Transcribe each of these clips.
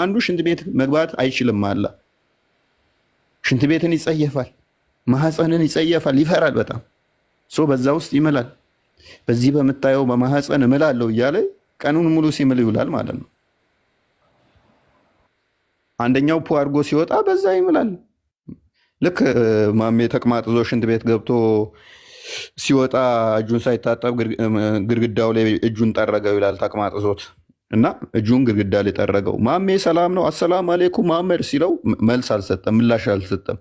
አንዱ ሽንት ቤት መግባት አይችልም አለ። ሽንት ቤትን ይጸየፋል፣ ማህፀንን ይጸየፋል፣ ይፈራል በጣም ሶ በዛ ውስጥ ይምላል። በዚህ በምታየው በማህፀን እምላለው እያለ ቀኑን ሙሉ ሲምል ይውላል ማለት ነው። አንደኛው ፖ አድርጎ ሲወጣ በዛ ይምላል። ልክ ማሜ ተቅማጥ ሽንት ቤት ገብቶ ሲወጣ እጁን ሳይታጠብ ግድግዳው ላይ እጁን ጠረገው ይላል ተቅማጥ እና እጁን ግድግዳ ሊጠረገው ማሜ ሰላም ነው አሰላም አሌይኩም ማመድ ሲለው መልስ አልሰጠም፣ ምላሽ አልሰጠም።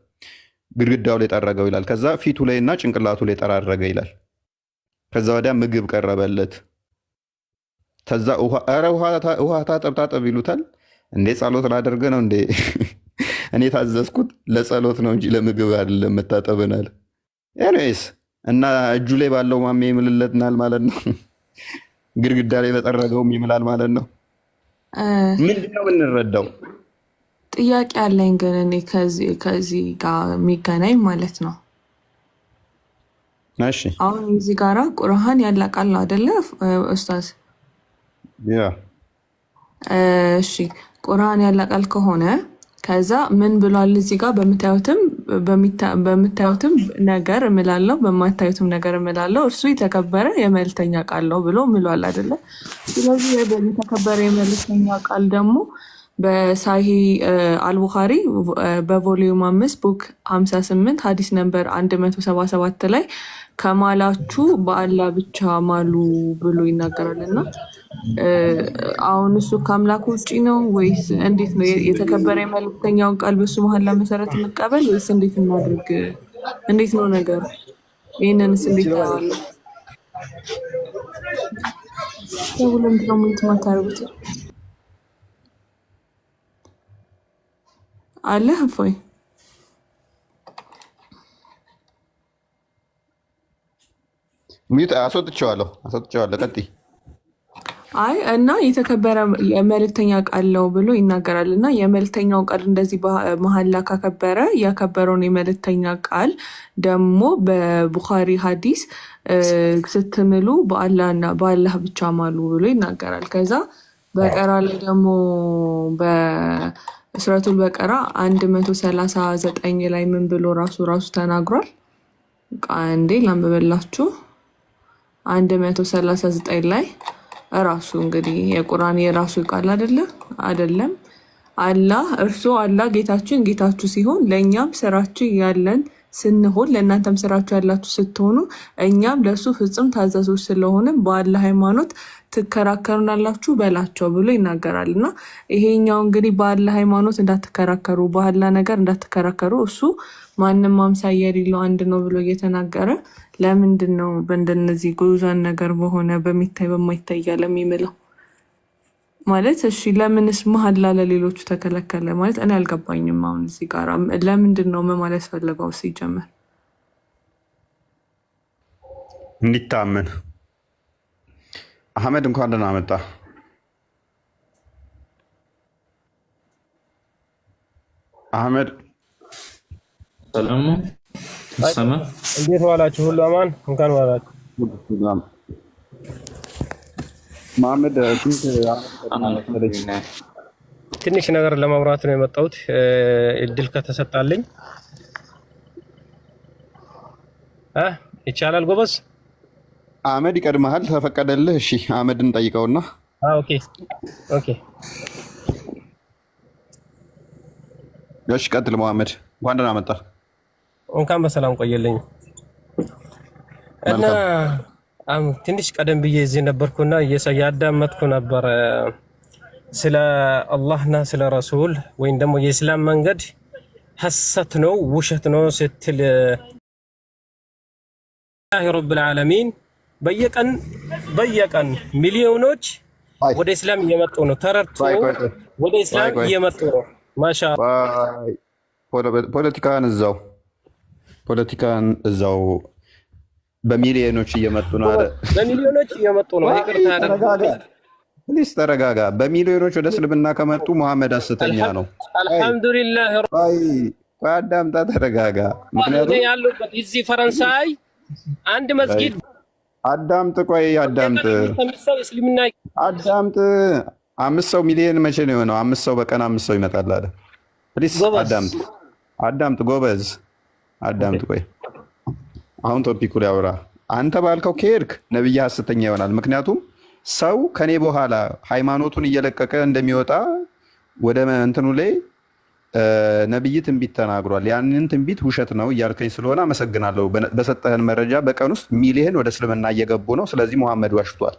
ግድግዳው ላይ ጠረገው ይላል። ከዛ ፊቱ ላይ እና ጭንቅላቱ ላይ ጠራረገ ይላል። ከዛ ወዲያ ምግብ ቀረበለት። ከዛ ኧረ ውሃ ታጠብታጠብ ይሉታል። እንዴ ጸሎት ላደርግ ነው እንዴ? እኔ ታዘዝኩት ለጸሎት ነው እንጂ ለምግብ አይደለም። መታጠብናል ኤኒዌይስ እና እጁ ላይ ባለው ማሜ ይምልለትናል ማለት ነው። ግድግዳ ላይ በጠረገውም ይምላል ማለት ነው። ምንድነው የምንረዳው? ጥያቄ አለኝ ግን እኔ ከዚህ ጋር የሚገናኝ ማለት ነው። እሺ አሁን እዚህ ጋራ ቁርሃን ያላቃል ነው አደለ ኡስታዝ? እሺ ቁርሃን ያላቃል ከሆነ ከዛ ምን ብሏል እዚህ ጋር በምታዩትም ነገር እምላለሁ በማታዩትም ነገር እምላለሁ እርሱ የተከበረ የመልእክተኛ ቃል ነው ብሎ ምሏል አይደለ? ስለዚህ የተከበረ የመልእክተኛ ቃል ደግሞ በሳሂ አልቡኻሪ በቮሊዩም አምስት ቡክ ሀምሳ ስምንት ሀዲስ ነምበር አንድ መቶ ሰባ ሰባት ላይ ከማላችሁ በአላ ብቻ ማሉ ብሎ እና አሁን እሱ ከአምላክ ውጭ ነው ወይስ እንዴት ነው? የተከበረ የመልክተኛውን ቃል በሱ መሀላ መሰረት እንቀበል ወይስ እንዴት እናድርግ? እንዴት ነው ነገሩ? ይህንንስ እንዴት ታዋለ? ሁሉም ፕሮሞት ማታርጉት አለ እፎይ ሚት አስወጥቼዋለሁ፣ አስወጥቼዋለሁ። ቀጥይ አይ እና የተከበረ መልእክተኛ ቃል ነው ብሎ ይናገራል። እና የመልእክተኛው ቃል እንደዚህ መሀላ ካከበረ ያከበረውን የመልእክተኛ ቃል ደግሞ በቡኻሪ ሀዲስ ስትምሉ በአላህና በአላህ ብቻ ማሉ ብሎ ይናገራል። ከዛ በቀራ ላይ ደግሞ በሱረቱል በቀራ አንድ መቶ ሰላሳ ዘጠኝ ላይ ምን ብሎ ራሱ ራሱ ተናግሯል። እንዴ ላንብበላችሁ አንድ መቶ ሰላሳ ዘጠኝ ላይ ራሱ እንግዲህ የቁርአን የራሱ ቃል አይደለ አይደለም አላህ እርሱ አላህ ጌታችን ጌታችሁ ሲሆን ለእኛም ስራችን ያለን ስንሆን ለእናንተም ስራችሁ ያላችሁ ስትሆኑ እኛም ለእሱ ፍጹም ታዛዞች ስለሆንም በአለ ሃይማኖት ትከራከሩናላችሁ በላቸው ብሎ ይናገራል። እና ይሄኛው እንግዲህ በአለ ሃይማኖት እንዳትከራከሩ፣ በአላ ነገር እንዳትከራከሩ እሱ ማንም ማምሳ የሌለው አንድ ነው ብሎ እየተናገረ ለምንድን ነው በእንደነዚህ ጉዟን ነገር በሆነ በሚታይ በማይታይ ዓለም የሚምለው? ማለት እሺ ለምንስ መሀላ ለሌሎቹ ተከለከለ? ማለት እኔ አልገባኝም። አሁን እዚህ ጋር ለምንድን ነው መማለት ማለት ፈለገው? ሲጀመር እንዲታመን አህመድ እንኳን ደህና መጣ። አህመድ ሰላም፣ እንዴት ዋላችሁ? ሁሉ አማን፣ እንኳን ዋላችሁ መሐመድ ትንሽ ነገር ለማውራት ነው የመጣሁት እድል ከተሰጣልኝ ይቻላል ጎበዝ አመድ ይቀድመሃል ተፈቀደልህ እሺ አመድ ጠይቀውና እሺ ቀጥል መሐመድ እንኳን ደህና መጣ እንኳን በሰላም ቆየልኝ እና ትንሽ ቀደም ብዬ እዚህ ነበርኩና እያዳመጥኩ ነበር ስለ አላህና ስለ ረሱል ወይም ደግሞ የእስላም መንገድ ሀሰት ነው ውሸት ነው ስትል ረብል ዓለሚን በየቀን በየቀን ሚሊዮኖች ወደ እስላም እየመጡ ነው። ተረድቶ ወደ እስላም እየመጡ ነው። ማሻአላህ ፖለቲካን እዛው ፖለቲካን እዛው በሚሊዮኖች እየመጡ ነው። በሚሊዮኖች እየመጡ ነው። ፕሊስ ተረጋጋ። በሚሊዮኖች ወደ እስልምና ከመጡ መሐመድ አስተኛ ነው። አልሐምዱሊላህ አዳምጣ፣ ተረጋጋ። ምክንያቱም ያሉበት እዚህ ፈረንሳይ አንድ መስጊድ አዳምጥ፣ ቆይ አዳምጥ፣ አዳምጥ። አምስት ሰው ሚሊዮን መቼ ነው የሆነው? አምስት ሰው በቀን አምስት ሰው ይመጣል አለ። ፕሊስ አዳምጥ፣ አዳምጥ፣ ጎበዝ አዳምጥ፣ ቆይ አሁን ቶፒኩ ሊያወራ አንተ ባልከው ከሄድክ ነብይህ ሀሰተኛ ይሆናል። ምክንያቱም ሰው ከኔ በኋላ ሃይማኖቱን እየለቀቀ እንደሚወጣ ወደ እንትኑ ላይ ነብይ ትንቢት ተናግሯል። ያንን ትንቢት ውሸት ነው እያልከኝ ስለሆነ አመሰግናለሁ። በሰጠህን መረጃ በቀን ውስጥ ሚሊህን ወደ እስልምና እየገቡ ነው። ስለዚህ መሐመድ ዋሽቷል።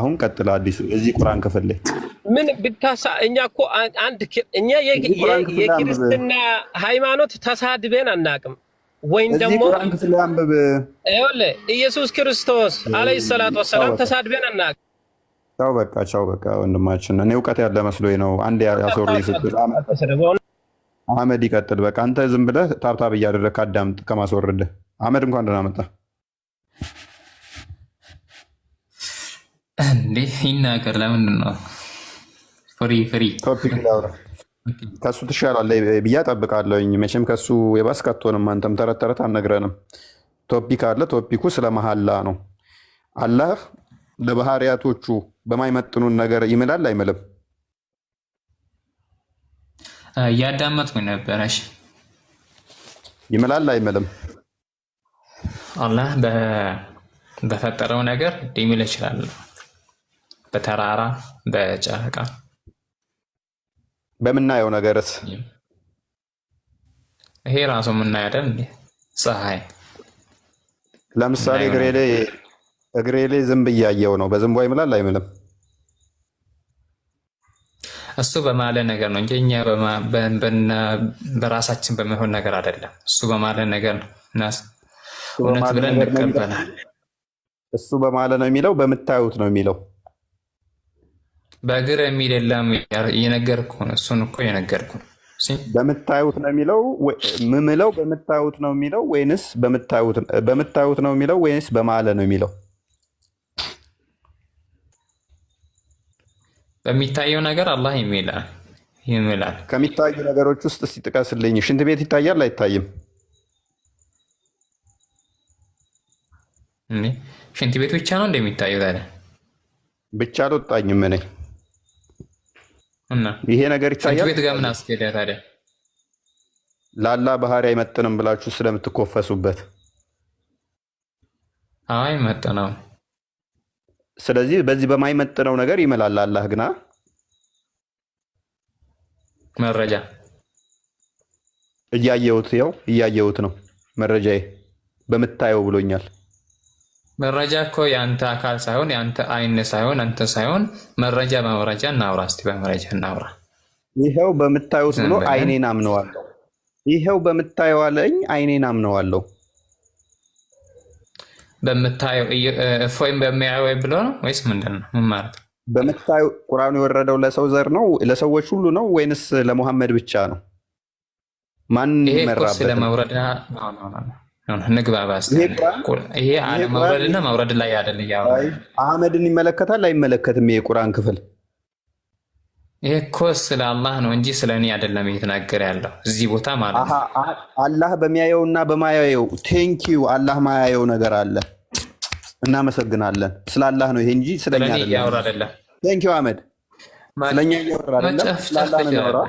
አሁን ቀጥል። አዲሱ እዚህ ቁርአን ክፍል ላይ ምን ብታሳ እኛ እኮ አንድ እኛ የክርስትና ሃይማኖት ተሳድበን አናቅም። ወይም ደግሞ ይኸውልህ ኢየሱስ ክርስቶስ አለይሂ ሰላቱ ወሰላም ተሳድበን እናውቅ። ቻው በቃ ቻው በቃ ወንድማችን፣ እኔ እውቀት ያለ መስሎኝ ነው። አንድ ያሶሪ አህመድ ይቀጥል። በቃ አንተ ዝም ብለህ ታብታብ እያደረግህ አዳምጥ ከማስወርድህ። አህመድ እንኳን ደህና መጣህ። እንዴ ይናገር። ለምንድን ነው ፍሪ ፍሪ ቶፒክ ላውራ ከሱ ትሻላለህ ብዬ ጠብቃለኝ። መቼም ከሱ የባስ ከቶንም አንተም ተረት ተረት አልነግረንም። ቶፒክ አለ። ቶፒኩ ስለ መሐላ ነው። አላህ ለባህሪያቶቹ በማይመጥኑን ነገር ይምላል አይምልም? እያዳመጥኩኝ ነበረሽ። ይምላል አይምልም? አላህ በፈጠረው ነገር ሊምል ይችላል። በተራራ በጨረቃ በምናየው ነገርስ ይሄ ራሱ የምናያደን ፀሐይ ለምሳሌ እግሬ ላይ ዝንብ እያየው ነው። በዝንቡ ይምላል አይምልም? እሱ በማለ ነገር ነው እንጂ እኛ በራሳችን በሚሆን ነገር አይደለም። እሱ በማለ ነገር እውነት ብለን እንቀበላል። እሱ በማለ ነው የሚለው፣ በምታዩት ነው የሚለው በእግር የሚል የለም እየነገርኩ ነው። እሱን እኮ እየነገርኩ ነው። በምታዩት ነው የሚለው ምምለው በምታዩት ነው የሚለው ወይንስ በምታዩት ነው የሚለው ወይንስ በማለ ነው የሚለው? በሚታየው ነገር አላህ ይምላል ይምላል። ከሚታዩ ነገሮች ውስጥ እስቲ ጥቀስልኝ። ሽንት ቤት ይታያል አይታይም? ሽንት ቤት ብቻ ነው እንደሚታየው ታዲያ? ብቻ አልወጣኝም እኔ ይሄ ነገር ይታያል። ቤት ጋር ምን ታዲያ? ላላ ባህሪ አይመጥንም ብላችሁ ስለምትኮፈሱበት አይመጥነው። ስለዚህ በዚህ በማይመጥነው ነገር ይምላል አላህ ግና መረጃ እያየሁት ያው እያየሁት ነው መረጃዬ በምታየው ብሎኛል። መረጃ እኮ የአንተ አካል ሳይሆን የአንተ አይን ሳይሆን አንተ ሳይሆን መረጃ በመረጃ እናውራ። እስቲ በመረጃ እናውራ። ይኸው በምታዩት ብሎ አይኔን አምነዋለሁ። ይኸው በምታየው አለኝ አይኔን አምነዋለሁ። በምታየው እፎይም በሚያየው ብሎ ነው ወይስ ምንድን ነው? ምን ማለት ነው? በምታዩ ቁርአኑ የወረደው ለሰው ዘር ነው ለሰዎች ሁሉ ነው ወይንስ ለሙሐመድ ብቻ ነው? ማን ይመራበት? ንግባባስ ይሄ መውረድና መውረድ ላይ አይደል? አህመድን ይመለከታል አይመለከትም? ይሄ ቁርአን ክፍል ይሄ እኮ ስለ አላህ ነው እንጂ ስለ እኔ አይደለም እየተናገረ ያለው እዚህ ቦታ ማለት ነው። አላህ እና በማያየው ቴንኪዩ አላህ ማያየው ነገር አለ። እናመሰግናለን። ስለ አላህ ነው ይሄ እንጂ ስለ እኔ እያወራ አይደለም። ቴንኪዩ አህመድ፣ ስለ እኛ እያወራ አይደለም፣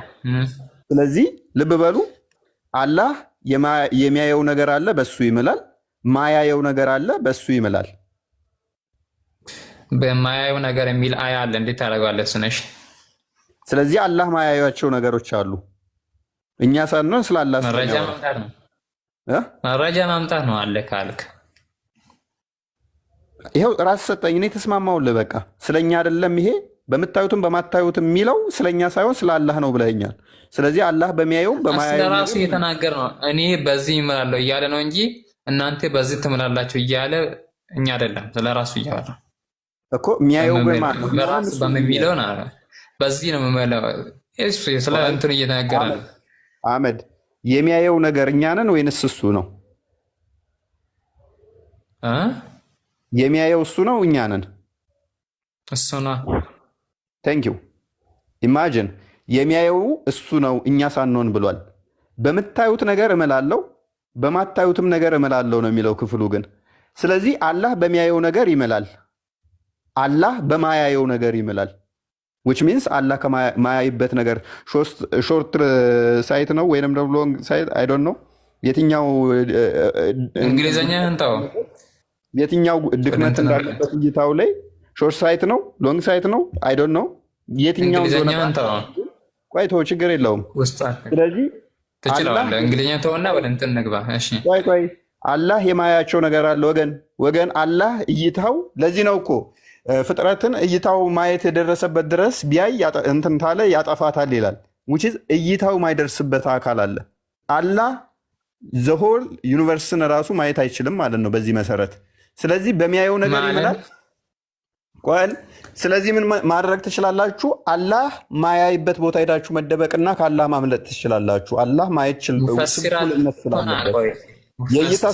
ስለዚህ ልብ በሉ አላህ የሚያየው ነገር አለ፣ በሱ ይምላል። ማያየው ነገር አለ፣ በሱ ይምላል። በማያየው ነገር የሚል አያ አለ። እንዴት ታደርገዋለህ ስነሽ? ስለዚህ አላህ ማያያቸው ነገሮች አሉ። እኛ ሳንሆን ስለ አላህ መረጃ ማምጣት ነው አለ ካልክ ይኸው ራስ ሰጠኝ። እኔ ተስማማውልህ። በቃ ስለኛ አይደለም ይሄ በምታዩትም በማታዩትም የሚለው ስለኛ ሳይሆን ስለ አላህ ነው ብለኛል። ስለዚህ አላህ በሚያየው በማያየውም የተናገር ነው። እኔ በዚህ ይምላለሁ እያለ ነው እንጂ እናንተ በዚህ ትምላላችሁ እያለ እኛ አይደለም። ስለ ራሱ እያለ እኮ የሚያየው በራሱ በሚለው በዚህ ነው የምመለው። ስለ እንትን እየተናገረ ነው። አመድ የሚያየው ነገር እኛንን ወይንስ እሱ ነው የሚያየው? እሱ ነው እኛንን እሱ ነው ዩ ኢማጅን የሚያየው እሱ ነው እኛ ሳንሆን ብሏል። በምታዩት ነገር እምላለው በማታዩትም ነገር እምላለው ነው የሚለው ክፍሉ ግን። ስለዚህ አላህ በሚያየው ነገር ይምላል፣ አላህ በማያየው ነገር ይምላል። ዊች ሚንስ አላህ ከማያይበት ነገር ሾርት ሳይት uh, ነው ወይም ደግሞ ሎንግ ሳይት አይ ዶንት ነው የትኛው uh, uh, እንግሊዝኛ የትኛው ድክመት እንዳለበት እይታው ላይ ሾርት ሳይት ነው ሎንግ ሳይት ነው አይዶን ነው የትኛው ቆይ ተው ችግር የለውም ስለዚህ እንግሊዝኛ ተውና ወደ እንትን ንግባ ቆይ ቆይ አላህ የማያቸው ነገር አለ ወገን ወገን አላህ እይታው ለዚህ ነው እኮ ፍጥረትን እይታው ማየት የደረሰበት ድረስ ቢያይ እንትን ታለ ያጠፋታል ይላል which እይታው ማይደርስበት አካል አለ አላህ ዘሆል ዩኒቨርስን ራሱ ማየት አይችልም ማለት ነው በዚህ መሰረት ስለዚህ በሚያየው ነገር ይምላል ቆል ስለዚህ ምን ማድረግ ትችላላችሁ? አላህ ማያይበት ቦታ ሄዳችሁ መደበቅና ከአላህ ማምለጥ ትችላላችሁ። አላህ ማየት ስንኩልነት ስላለበት የእይታ ስንኩልነት አለበት። የእይታ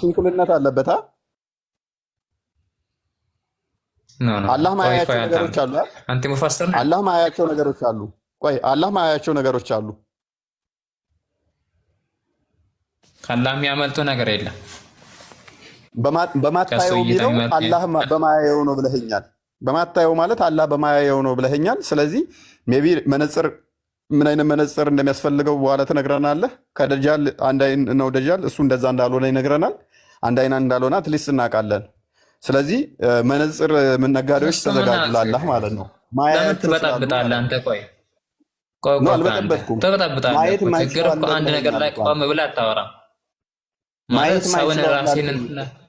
ስንኩልነት አለበት። አላህ ማያያቸው ነገሮች አሉ። አላህ ማያያቸው ነገሮች አሉ። ቆይ አላህ ማያያቸው ነገሮች አሉ። ከአላህ የሚያመልጡ ነገር የለም። በማታየው የሚለው አላህ በማያየው ነው ብለኸኛል። በማታየው ማለት አላህ በማያየው ነው ብለኸኛል። ስለዚህ ሜይ ቢ መነጽር ምን አይነት መነጽር እንደሚያስፈልገው በኋላ ትነግረናለህ። ከደጃል አንድ አይን ነው ደጃል፣ እሱ እንደዛ እንዳልሆነ ይነግረናል። አንድ አይና እንዳልሆነ አትሊስት እናውቃለን። ስለዚህ መነጽር ነጋዴዎች ተዘጋጁላላህ ማለት ነው። ለምን ትበጣብጣለህ አንተ? ቆይ አልበጠበጥኩም። ትበጣብጣለህ። ችግር እኮ አንድ ነገር ላይ ቆም ብለህ አታወራም ማለት ሰውን ራሴን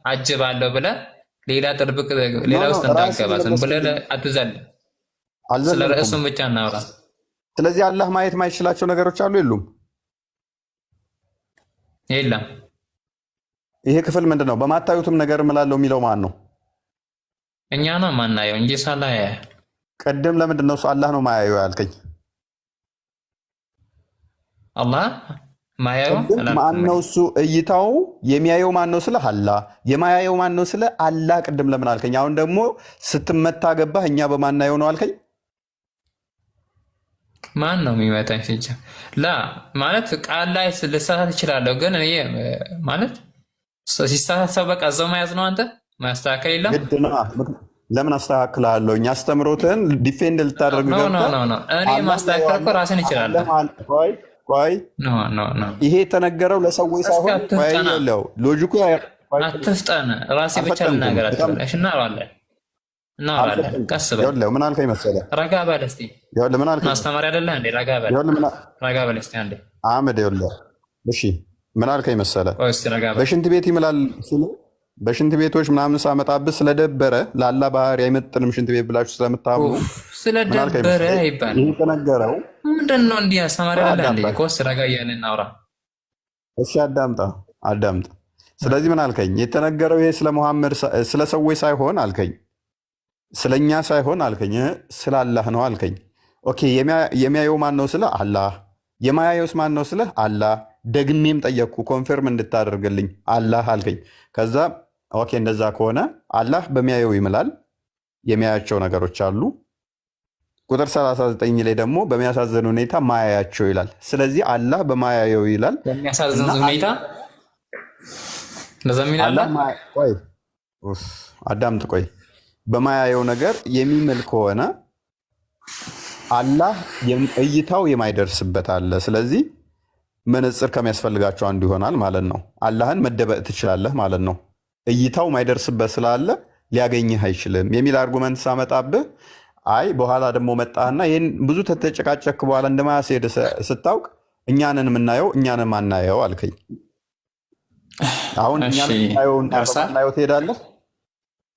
አጅባለሁ ብለ ሌላ ጥርብ ሌላ ውስጥ እንዳገባ ዝም ብለ አትዘል። ስለ ርዕሱም ብቻ እናውራ። ስለዚህ አላህ ማየት ማይችላቸው ነገሮች አሉ የሉም? የለም። ይሄ ክፍል ምንድን ነው? በማታዩትም ነገር እምላለሁ የሚለው ማን ነው? እኛ ነው ማናየው እንጂ ሳላ ያ ቅድም ለምንድን ነው አላህ ነው ማያየው ያልከኝ? አላህ ማን ነው እሱ እይታው የሚያየው ማን ነው ስለ አላ የማያየው ማን ነው ስለ አላ ቅድም ለምን አልከኝ አሁን ደግሞ ስትመታ ገባህ እኛ በማናየው ነው አልከኝ ማን ነው የሚመታኝ ስንቻ ላ ማለት ቃል ላይ ልሳሳት ይችላለሁ ግን እኔ ማለት ሲሳሳት ሰው በቃ እዛው መያዝ ነው አንተ ማያስተካከል የለም ለምን አስተካክላለሁ? እኛ አስተምሮትን ዲፌንድ ልታደርግ እኔ ማስተካከል እኮ ራሴን ይችላለሁ ይ ይሄ የተነገረው ለሰዎች ሳይሆን ያለው ሎጂኩ አትፍጠን፣ ራሴ ብቻ ልናገር አትበለሽ። እናወራለን እናወራለን፣ ቀስ በል። ምን አልከኝ መሰለህ? ረጋ በል እስኪ። ማስተማሪያ አይደለህ እንዴ? ረጋ በል፣ ረጋ በል እስኪ አንዴ። አህመድ ይኸውልህ፣ እሺ፣ ምን አልከኝ መሰለህ? በሽንት ቤት ይምላል ስሉ በሽንት ቤቶች ምናምን ሳመጣብህ ስለደበረ ላላ ባህሪ አይመጥንም ሽንት ቤት ብላችሁ ስለምታምኑ ስለደበረ ይባል ተነገረው። ምንድን ነው እንዲህ አስተማሪ ረጋ እያለ እናውራ። እሺ አዳምጣ አዳምጣ። ስለዚህ ምን አልከኝ? የተነገረው ይሄ ስለ ሙሐመድ ስለ ሰዎች ሳይሆን አልከኝ፣ ስለ እኛ ሳይሆን አልከኝ፣ ስለ አላህ ነው አልከኝ። ኦኬ የሚያየው ማን ነው ስለ አላህ። የማያየውስ ማን ነው ስለ አላህ። ደግሜም ጠየቅኩ ኮንፊርም እንድታደርግልኝ አላህ አልከኝ። ከዛ ኦኬ እንደዛ ከሆነ አላህ በሚያየው ይምላል፣ የሚያያቸው ነገሮች አሉ ቁጥር 39 ላይ ደግሞ በሚያሳዝን ሁኔታ ማያያቸው ይላል። ስለዚህ አላህ በማያየው ይላል አዳምጥ፣ ቆይ በማያየው ነገር የሚምል ከሆነ አላህ እይታው የማይደርስበት አለ። ስለዚህ መነጽር ከሚያስፈልጋቸው አንዱ ይሆናል ማለት ነው። አላህን መደበቅ ትችላለህ ማለት ነው። እይታው ማይደርስበት ስላለ ሊያገኝህ አይችልም የሚል አርጉመንት ሳመጣብህ አይ በኋላ ደግሞ መጣህና ይህን ብዙ ተተጨቃጨክ በኋላ እንደማያስሄድ ስታውቅ እኛንን የምናየው እኛንን ማናየው አልከኝ። አሁን እኛናየው ትሄዳለህ።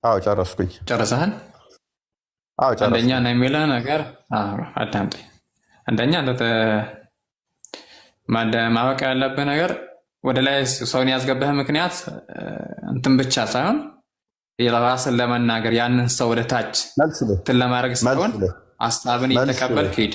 አዎ ጨረስኩኝ። ጨረሰሃል? አዎ ጨረስኩኝ። አንደኛ ነው የሚለህ ነገር አዳምጠኝ። አንደኛ ማወቅ ያለብህ ነገር ወደ ላይ ሰውን ያስገባህ ምክንያት እንትን ብቻ ሳይሆን ራስን ለመናገር ያንን ሰው ወደ ታች ትን ለማድረግ ሲሆን ሀሳብን እየተቀበልክ ሂድ።